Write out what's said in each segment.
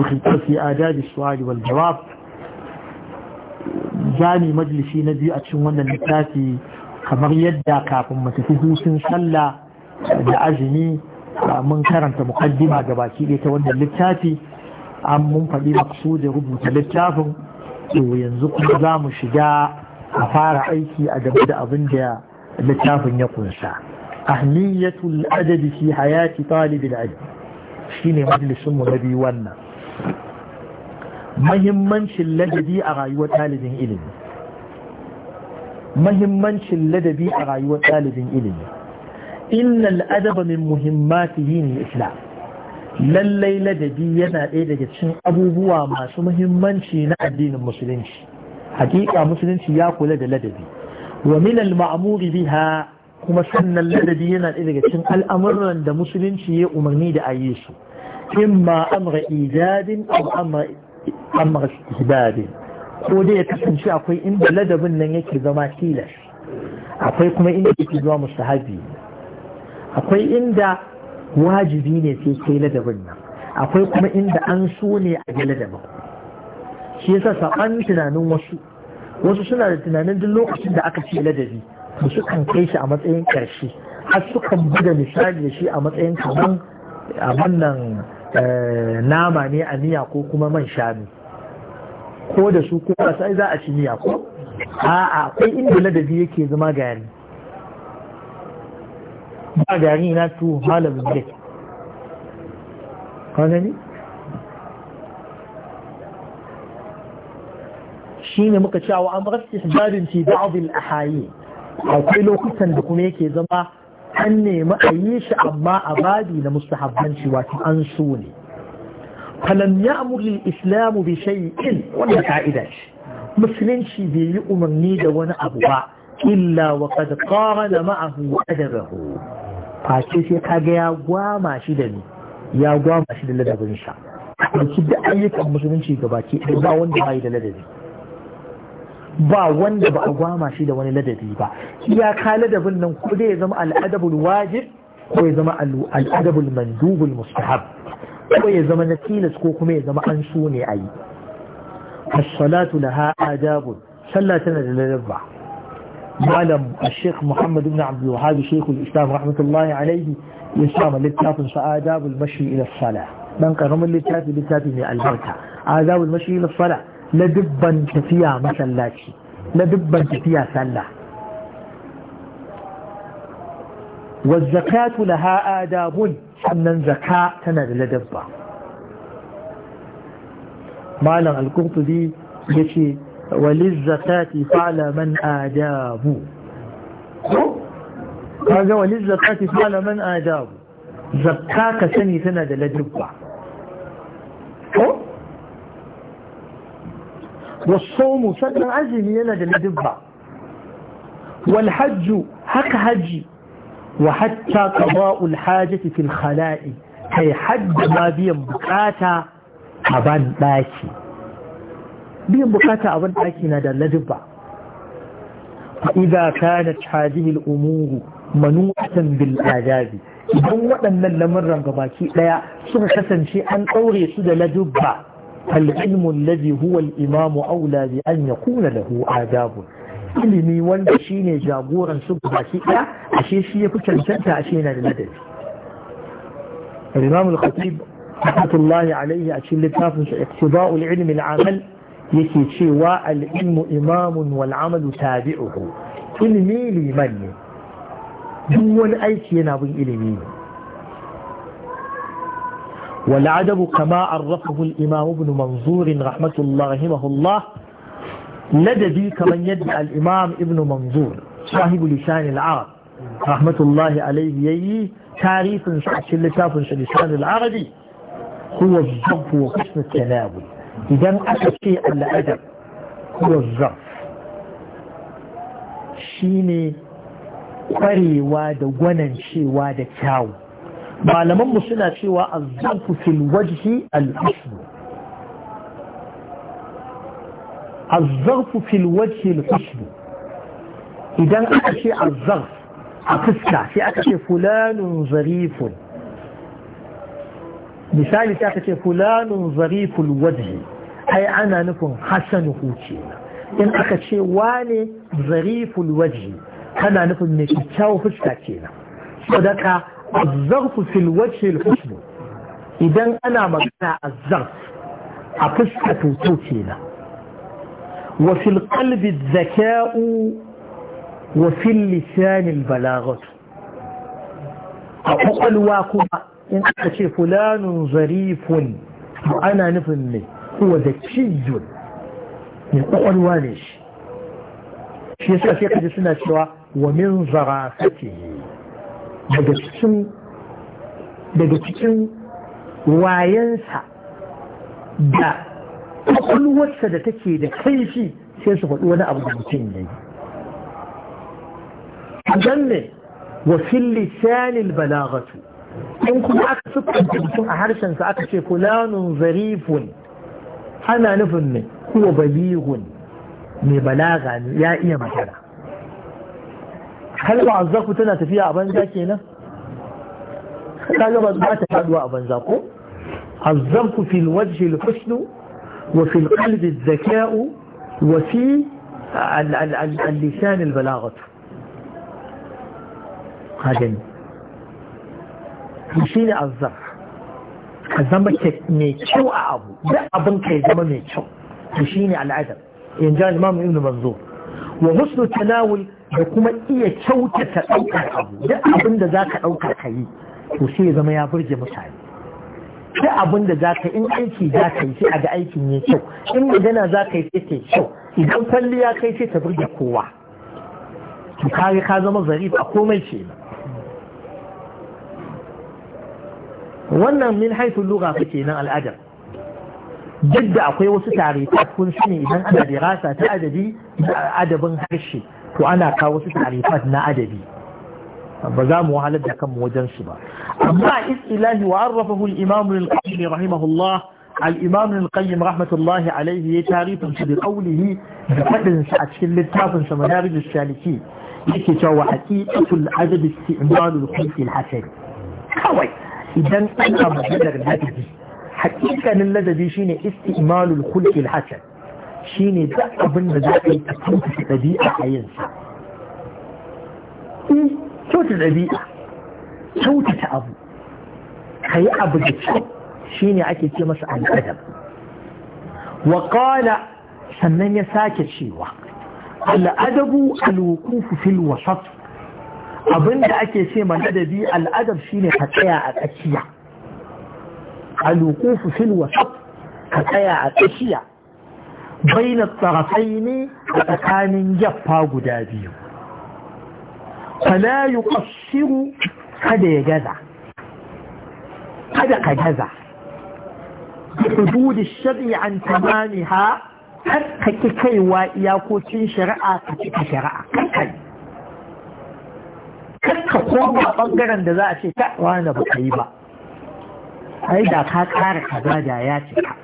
الخطاب jawab آداب السؤال والجواب biyu a cikin wannan النتاتي kamar yadda kafin matafi husin sallah da azumi mun karanta mukaddima ga baki ɗaya ta wannan littafi an mun faɗi da rubuta littafin to yanzu kuma za mu shiga a fara aiki a game da abin da littafin ya kunsa ahmiyatul adabi fi hayati talibul ilm shine majalisin mu na biyu wannan mahimmancin ladabi a rayuwar ɗalibin ilimi mahimmancin ladabi a rayuwar ɗalibin ilimi innal adaba min lallai ladabi yana ɗaya daga cikin abubuwa masu muhimmanci na addinin musulunci hakika musulunci ya kula da ladabi wa min al ma'muri biha kuma sannan ladabi yana ɗaya daga cikin al'amuran da musulunci ya umarni da yi su imma amra ijadin aw amra amr istihbabi ko dai ya kasance akwai inda ladabin nan yake zama tilas akwai kuma inda yake zama mustahabi akwai inda wajibi ne sai kai ladabin nan akwai kuma inda an so ne a ga ladabin shi yasa saɓan tunanin wasu wasu suna da tunanin duk lokacin da aka ce ladabi su sukan kai shi a matsayin ƙarshe har sukan buga misali da shi a matsayin kaman a wannan Eh, nama ne a miya ko kuma man shanu ko da su ko sai za a ci miya ko a'a akwai inda ladabi yake zama gari ba gari na tu halal ne ka gani shi ne muka cewa an rasu babin ci ba'adil ahayi akwai lokutan da kuma yake zama an nemi a yi shi amma a babi na mustahabbanci wato an so ne falam ya amurli islamu bi shay'in wanda ka'ida ce musulunci bai yi umarni da wani abu ba illa wa qad qarana ma'ahu adabahu face sai kaga ya gwama shi da ni ya gwama shi da ladabin sa duk ayyukan musulunci gabaki ɗaya ba wanda bai da ladabi ba wanda ba a gwama shi da wani ladabi ba iyaka ladabin nan ko dai ya zama al'adabul wajib ko ya zama al'adabul mandubul mustahab ko ya zama na tilas ko kuma ya zama an so ne a yi as-salatu laha adabun sallah tana da ladabba malam al-sheikh muhammad ibn abdul wahhab sheikhul islam rahmatullahi alayhi ya sa littafin sa adabul mashi ila salah dan karamin littafi littafi mai albarka adabul mashi ila salah لدبن تفيا مثلا لاشي لدبن تفيا سلا والزكاة لها آداب سمنا زكاة تند لدبا مالا القرط دي يشي وللزكاة فعل من آداب هذا وللزكاة فعل من آداب زكاة سني تند لدبا والصوم سجن عزم يلد لدبع والحج حق حجي وحتى قضاء الحاجة في الخلاء هي حج ما بيم بكاتا أبان باكي بيم بكاتا أبان باكي نادى لدبع فإذا كانت هذه الأمور منوعة بالآجاب إذا وأن لمرن قباكي لا يصبح حسن أن أوري سدى لدبع فالعلم الذي هو الإمام أولى بأن يكون له آداب ilimi wanda shi ne jagoran su baki ɗaya ashe shi ya fi cancanta ashe yana da ladabi al-imam al-khatib rahmatullahi alaihi a cikin littafin sa iktiba'u al-ilm al-amal yake cewa al-ilm imamun wal amal tabi'uhu ilimi liman ne duk wani aiki yana bin ilimi ne والعدب كما عرفه الإمام ابن منظور رحمة الله رحمه الله لدبي كمن يدعى الإمام ابن منظور صاحب لسان العرب رحمة الله عليه يي تعريف لتاف لسان العربي هو الظرف وقسم التناول إذا أكد شيء الأدب هو الظرف شيني kwarewa da gwanan cewa da kyawu malaman mu suna cewa azzarfu fil wajhi al husn azzarfu fil wajhi al al-husn idan aka ce azzarf a fuska sai aka ce fulanun zarif misali sai aka ce fulanun zarif al wajhi ai ana nufin hasan huce in aka ce wane zarif al wajhi ana nufin mai kyakkyawar fuska kenan sadaka الزغف في الوجه الحسن إذا أنا مبنى الزغف أفسكة توتينا وفي القلب الذكاء وفي اللسان البلاغة أقل واقما إن أتي فلان ظريف وأنا نفني هو ذكي من أقل والش shi yasa sai ومن suna daga cikin wayansa da kwakwalwarsa da take da kaifi sai su faɗi wani abu da mutum ya yi don ne wafin lisanin balagatu in kuma aka sukunta mutum a harshensa aka ce fulanun zarifun ana nufin ne kuwa balihun mai balaga ya iya magana هل معزاكو تنا تفيها عبان لا تعجبت ما تحدوا عبان جاكو عزاكو في الوجه الحسن وفي القلب الذكاء وفي اللسان البلاغة هادين مشي لعزاك الزنب كميكو أعبو لا أبن كيزم ميكو مشيني على العدم ينجال إمام ابن منظور وحسن التناول da kuma iya kyautata ɗaukar abu duk abin da za ka ɗauka ka yi to sai ya zama ya burge mutane duk abin da za ka in aiki za ka yi sai a ga aikin ya kyau in magana za ka yi sai ta kyau idan kwalliya kai sai ta burge kowa to kare ka zama zarif a komai ce wannan min haifin lura fa kenan al'adar duk da akwai wasu tare kun sani idan ana dirasa ta adabi adabin harshe to ana kawo wasu tarifat na adabi ba za mu wahalar da kanmu wajen su ba amma istilahi wa arrafahu al-imam al-qayyim rahimahullah al-imam al-qayyim rahmatullah alayhi ya tarifin shi da qawlihi da fadin sa a cikin littafin sa madarij al-saliki yake cewa haqiqatul adab istimal al-khulq al-hasan kawai idan ana magana da adabi hakikanin ladabi shine istimalul khulqil hasan shine duk abin da za ka yi a cikin dabi'a a yin sa kyauta dabi'a kyautata abu kayi abu da kyau shine ake ce masa al'adab wa qala sannan ya sake cewa al'adabu alwuqufu fil wasat abinda ake ce ma ladabi al'adab shine ka tsaya a tsakiya الوقوف في الوسط كتايا أتشيا بين الطرفين أتكان جفا قدابي فلا يقصر هذا يجزع هذا كجزع بحدود الشرع عن تمامها حتى كيكيوا إياكوتين شرعا كتك شرعا كتك كتك قوة بقرن دزاء شتاء وانا بقيبا ai da ka kara kaza da ya cika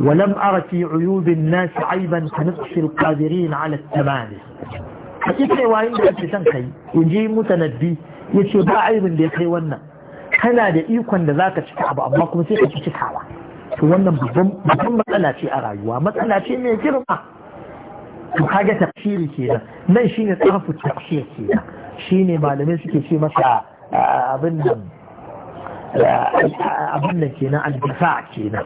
ولم أرى في عيوب الناس عيبا كنقص القادرين على التمام حقيقة وعين da ake son kai in ji mutanabbi ya ce ba aibin da ya kai wannan kana da ikon da zaka cika abu amma kuma sai ka ci cikawa to wannan babban matsala ce a rayuwa matsala ce mai girma to kaga tafsiri kenan nan shine tsafu tafsir kenan shine malamai suke ce masa abin nan abin da kenan aljafa kenan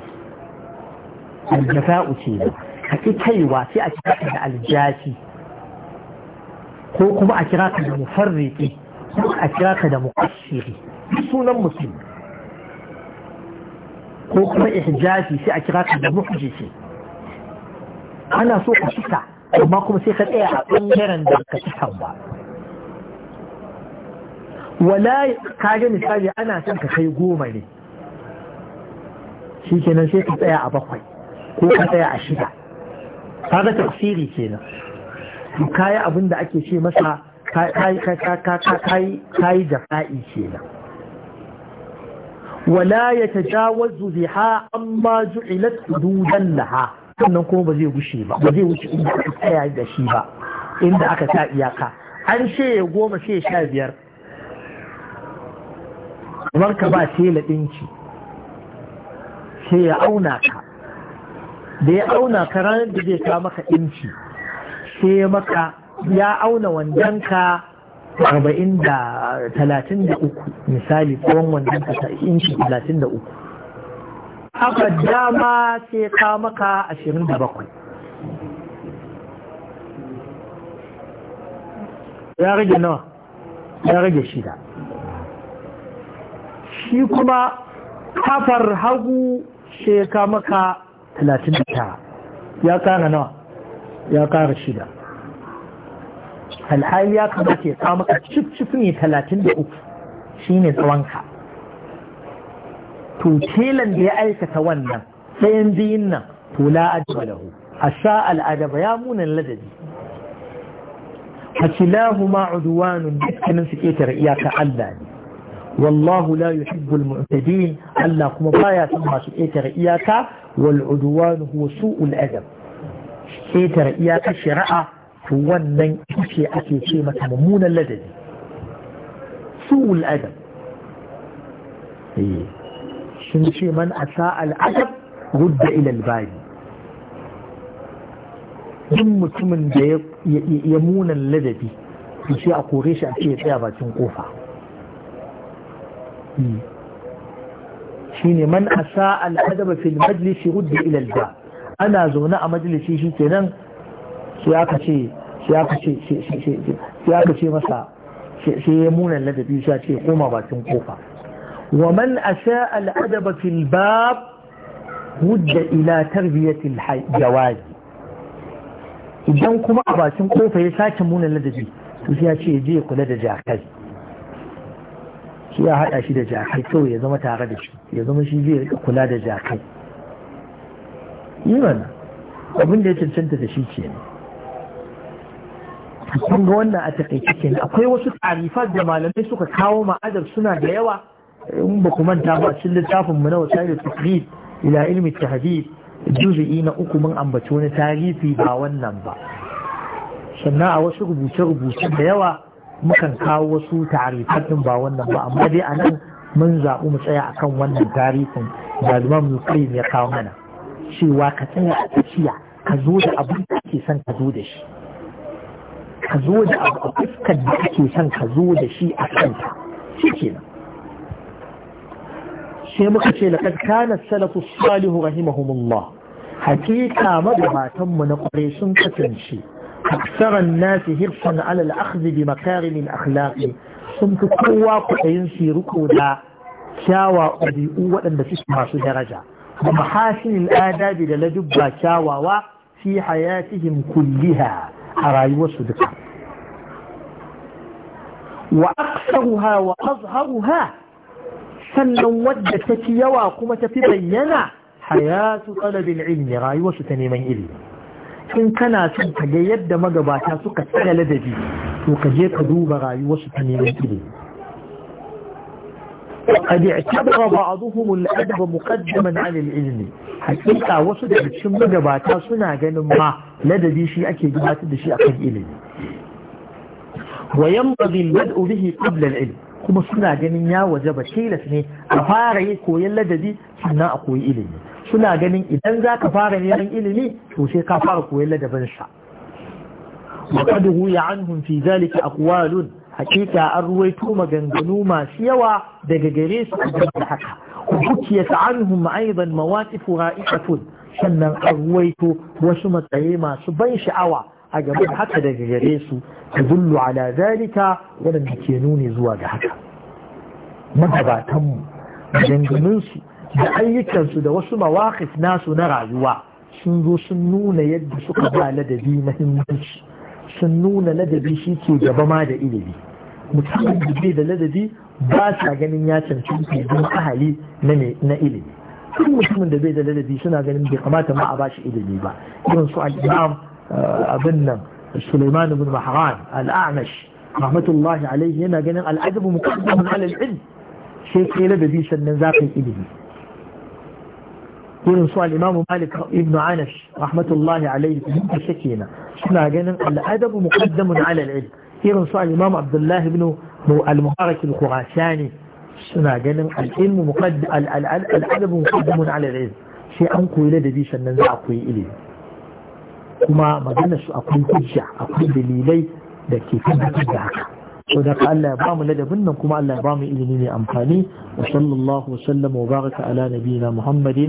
aljafa'u nan, a ƙi kaiwa sai a kira ka da aljafi ko kuma a kira ka da mufarriƙi ko a kira ka da muƙashiri sunan mutum ko kuma ihjafi sai a kira ka da muhjisi ana so ka cika amma kuma sai ka tsaya a ɓangaren da ka cikan ba wala kaga misali ana son ka kai goma ne shi kenan sai ka tsaya a bakwai ko ka tsaya a shida kaga tafsiri kenan ka kayi abin da ake ce masa kayi jafa'i kenan wala ya tajawazu biha amma ju'ilat hududan laha sannan kuma ba zai gushe ba ba zai wuce inda aka tsaya da shi ba inda aka sa iyaka an ce goma sai sha biyar kamar ka ba tela ɗinki sai ya auna ka da ya auna ka ranar da zai kawo maka ɗinki sai ya maka ya auna wandonka arba'in da talatin da uku misali tsawon wandonka ta inci talatin da uku haka dama sai ya kawo maka ashirin da bakwai ya rage nawa ya rage shida shi kuma kafar hagu sai ya kama ka 39 ya kara nawa ya kara shida alhali ya kamata ya kama ka cif ne 33 shi ne tsawonka to telan da ya aikata wannan tsayin biyin nan to la'ajaba lahu a sha al'adaba ya munan ladabi a kilahu ma'uduwanun dukkanin su ƙetare iyaka Allah ne والله لا يحب المعتدين ألا كما بايا ثم سئتر إيه إياك والعدوان هو سوء الأدب سئتر إيه إياك شرعة فوانن إيشي أكي شيمة ممون اللدد سوء الأدب إيه. شنشي من أساء الأدب رد إلى الباب ثم ثم يمون اللدد munan ladabi to sai a kore shi Shi ne man asa al'adaba fil majlisi rudda ila al ana zaune a majalisi shi kenan sai aka sai aka ce masa sai ya munan ladabi sai ce koma bakin kofa wa man asa al'adaba fil bab rudda ila tarbiyati al idan kuma a bakin kofa ya sake munan ladabi to sai ya ce je kula da jakai shi ya haɗa shi da jakai kawai ya zama tare da shi ya zama shi zai rika kula da jakai yi mana abin da ya cancanta da shi ke kun ga wannan a takaice kenan akwai wasu tarifat da malamai suka kawo ma'adar suna da yawa in ba ku manta ba cin littafin mu na da tafrid ila ilmi tahdid juz'i na uku mun ambaci wani tarihi ba wannan ba sannan a wasu rubuce-rubuce da yawa mukan kawo wasu tarifatin ba wannan ba amma dai a nan mun zaɓi mu tsaya akan wannan tarihin da limam ya kawo mana cewa ka tsaya a tafiya ka zo da abin da ake son ka zo da shi ka zo da abu a fuskar da ake son ka zo da shi a kanta shi kenan sai muka ce laqad kana salafu salihu rahimahumullah hakika magabatan na kware sun kasance أكثر الناس هرصا على الأخذ بمكارم الأخلاق ثم تقوى قعين في ركودا شاوى أبيئوة أن تسمعه درجة ومحاسن الآداب للجبى شاوى في حياتهم كلها أرأي وصدقا وأكثرها وأظهرها سنودة تكيوى قمت في بينا حياة طلب العلم رأي وصدقا من إلي in kana son ka ga yadda magabata suka tsara ladabi to ka je ka duba rayuwarsu ta neman ilimi قد اعتبر بعضهم الأدب مقدما عن العلم حقيقة وصد بشم مجباتا سنة جنما لدى دي شيء أكي جبات دي شيء أكي إلي وينبغي البدء به قبل العلم كما سنة جنيا وجب تيلة سنة أفاري كوي لدى دي سنة أقوي إلي suna ganin idan zaka fara neman ilimi to sai ka fara koyon ladabin sa waqad ya anhum fi zalika aqwalun hakika an ruwaito maganganu masu yawa daga gare su a gaba da haka hukiya ta anhum ma'aiban mawaƙifu ra'isatun sannan an ruwaito wasu matsaye masu ban sha'awa a gaba da haka daga gare su ta zullu ala zalika waɗanda ke nuni zuwa ga haka magabatanmu maganganunsu da ayyukansu da wasu mawaƙif nasu na rayuwa sun zo sun nuna yadda suka ba ladabi mahimmanci sun nuna ladabi shi ke gaba ma da ilimi mutumin da bai da ladabi ba sa ganin ya cancanta don ahali na ilimi duk mutumin da bai da ladabi suna ganin bai kamata ma a bashi ilimi ba irin su al'imam abin nan Sulaiman ibn Mahran al-A'mash rahmatullahi alaihi yana ganin al'adabu muqaddamun ala al-ilm sai kai ladabi sannan za ka yi ilimi irin su al'imamu malik ibn anash rahmatullahi alaihi da shi suna ganin al'adabu muqaddamun ala al'ilm irin su al'imamu abdullahi ibn al-mubarak al-khurasani suna ganin al'ilmu muqaddam al'adabu muqaddamun ala al'ilm sai an koyi ladabi sannan za a koyi ilimi kuma maganar su akwai hujja akwai dalilai da ke tabbatar da haka so da ka Allah ya ba mu ladabin nan kuma Allah ya ba mu ilimi mai amfani wa sallallahu wa ala nabiyina muhammadin